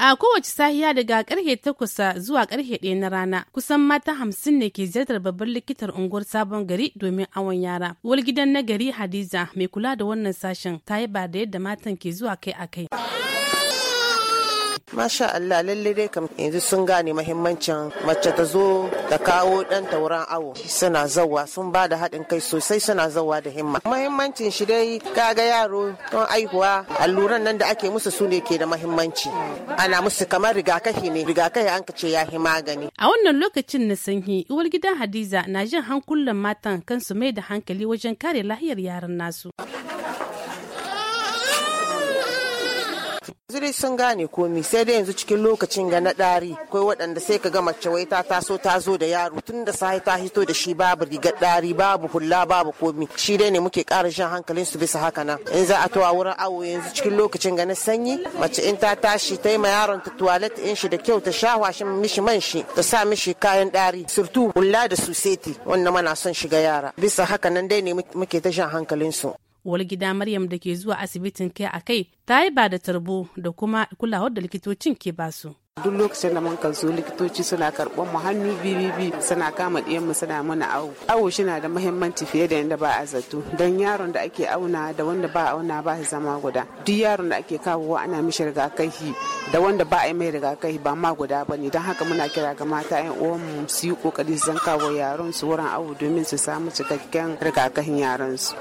A kowace sahiya daga karfe takwasa zuwa karfe ɗaya na rana kusan mata hamsin ne ke ziyartar babban likitar unguwar sabon gari domin awon yara. Uwar gidan na Hadiza mai kula da wannan sashen ta yi ba da yadda matan ke zuwa kai a kai. Masha Allah lalle dai kam yanzu sun gane mahimmancin mace ta zo ta kawo dan tauran awo suna zawa sun ba da haɗin kai sosai suna zawa da himma. Mahimmancin shi dai kaga yaro don aihuwa alluran nan da ake musu su ne ke da mahimmanci. Ana musu kamar rigakafi ne rigakafi an ce ya fi magani. A wannan lokacin na sanyi uwar gidan Hadiza na jin hankulan matan kansu mai da hankali wajen kare lahiyar yaran nasu. yanzu sun gane komi sai dai yanzu cikin lokacin ga na ɗari akwai waɗanda sai ka ga mace wai ta taso ta zo da yaro tun da sai ta hito da shi babu rigar ɗari babu hulla babu komi shi dai ne muke ƙara jan hankalin su bisa haka nan in za a towa wurin awo yanzu cikin lokacin ga na sanyi mace in ta tashi ta yi ma yaron ta toilet in shi da kyau ta shawa shi mishi man shi ta sa mishi kayan ɗari surtu hulla da suseti wannan mana son shiga yara bisa haka nan dai ne muke ta jan hankalin su. uwar gida maryam da ke zuwa asibitin kai a kai ta yi ba da tarbo da kuma kulawar da likitocin ke ba su. duk lokacin da muka zo likitoci suna karɓar mu hannu bibi suna kama mu suna mana awo awo na da muhimmanci fiye da yadda ba a zato don yaron da ake auna da wanda ba auna ba su zama guda duk yaron da ake kawowa ana mishi rigakafi da wanda ba a yi mai rigakafi ba ma guda ba ne don haka muna kira ga mata yan uwan mu su yi kokari su zan kawo yaron su wurin awo domin su samu cikakken rigakafin yaron su